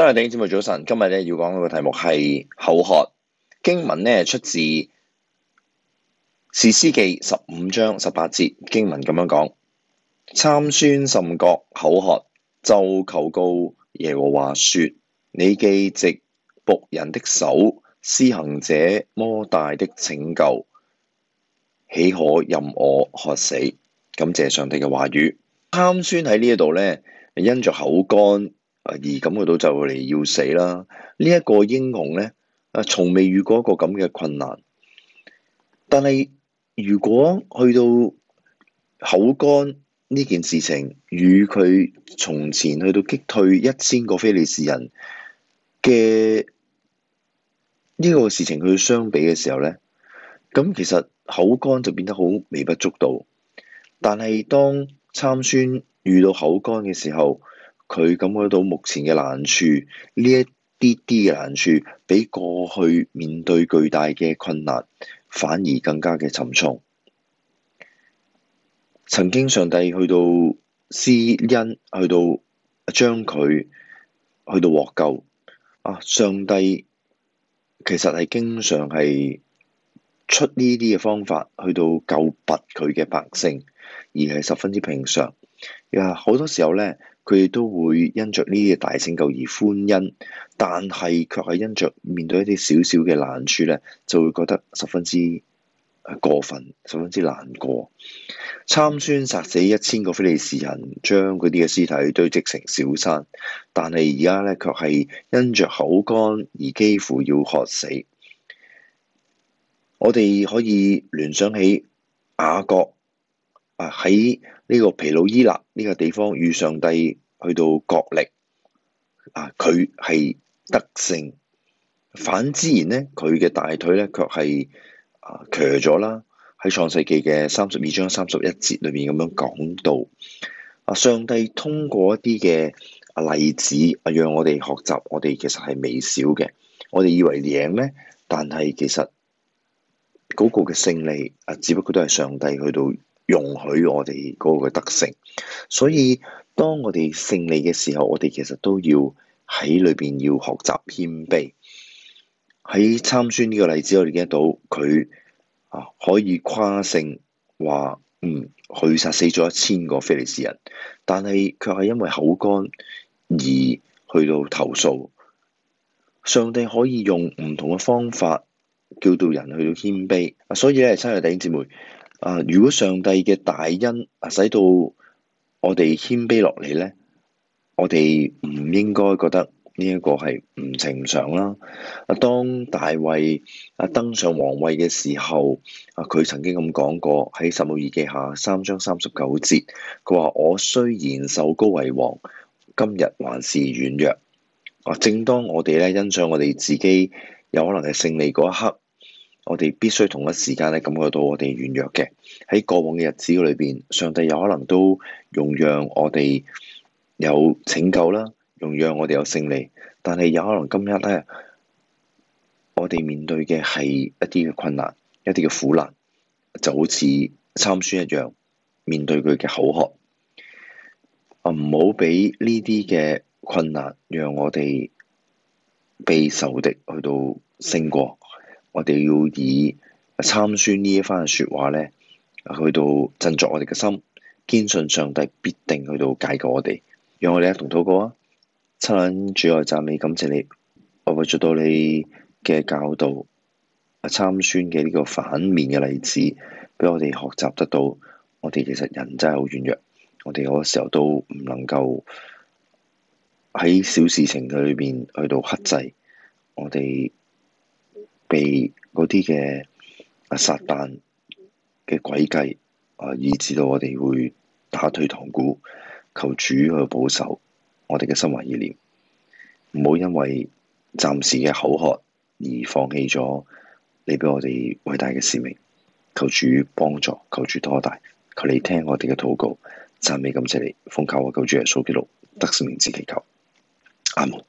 真係頂，節目早晨，今日咧，要講嘅題目係口渴。經文咧，出自士師記十五章十八節，經文咁樣講：參孫甚覺口渴，就求告耶和華說：你既藉僕人的手施行這麼大的拯救，豈可任我渴死？感謝上帝嘅話語。參孫喺呢一度咧，因着口乾。而感覺到就嚟要死啦！呢、這、一個英雄呢，啊，從未遇過一個咁嘅困難。但係如果去到口乾呢件事情，與佢從前去到擊退一千個非利士人嘅呢個事情去相比嘅時候呢，咁其實口乾就變得好微不足道。但係當參孫遇到口乾嘅時候，佢感覺到目前嘅難處，呢一啲啲嘅難處，比過去面對巨大嘅困難，反而更加嘅沉重。曾經上帝去到施恩，去到將佢去到獲救啊！上帝其實係經常係出呢啲嘅方法，去到救拔佢嘅百姓，而係十分之平常。呀，好多時候咧～佢哋都會因着呢啲大成救而歡欣，但係卻係因着面對一啲小小嘅難處呢，就會覺得十分之過分，十分之難過。參孫殺死一千個菲利士人，將嗰啲嘅屍體堆積成小山，但係而家呢，卻係因着口乾而幾乎要渴死。我哋可以聯想起雅各。啊！喺呢個毗努伊勒呢個地方，與上帝去到角力。啊，佢係得勝，反之然咧，佢嘅大腿咧卻係啊瘸咗啦。喺創世記嘅三十二章三十一節裏面咁樣講到，啊上帝通過一啲嘅例子啊，讓我哋學習，我哋其實係微小嘅，我哋以為贏咧，但係其實嗰、那個嘅勝利啊，只不過都係上帝去到。容許我哋嗰個嘅德性，所以當我哋勝利嘅時候，我哋其實都要喺裏邊要學習謙卑。喺參孫呢個例子，我哋見到佢可以誇勝話嗯，佢殺死咗一千個非利士人，但係卻係因為口乾而去到投訴。上帝可以用唔同嘅方法叫到人去到謙卑。所以咧，親愛弟兄姊妹。啊！如果上帝嘅大恩啊，使到我哋謙卑落嚟呢，我哋唔應該覺得呢一個係唔尋常啦。啊，當大衛啊登上皇位嘅時候，啊佢曾經咁講過喺《撒母耳記》下三章三十九節，佢話：我雖然受膏為王，今日還是軟弱。啊！正當我哋咧欣賞我哋自己有可能係勝利嗰一刻。我哋必須同一時間咧，感覺到我哋軟弱嘅。喺過往嘅日子裏邊，上帝有可能都容讓我哋有拯救啦，容讓我哋有勝利，但係有可能今日咧，我哋面對嘅係一啲嘅困難，一啲嘅苦難，就好似參孫一樣面對佢嘅口渴啊！唔好俾呢啲嘅困難，讓我哋被仇敵去到勝過。我哋要以參孫呢一番嘅説話咧，去到振作我哋嘅心，堅信上帝必定去到解救我哋。讓我哋一同禱告啊！親愛主愛讚美感謝你，我哋會做到你嘅教導，參孫嘅呢個反面嘅例子，俾我哋學習得到。我哋其實人真係好軟弱，我哋嗰個時候都唔能夠喺小事情嘅裏邊去到克制我哋。被嗰啲嘅撒旦嘅鬼計啊，以致到我哋會打退堂鼓，求主去保守我哋嘅心懷意念，唔好因為暫時嘅口渴而放棄咗你俾我哋偉大嘅使命。求主幫助，求主多大，求你聽我哋嘅禱告。讚美感謝你，奉靠我，救主耶穌基督得勝名字祈求阿門。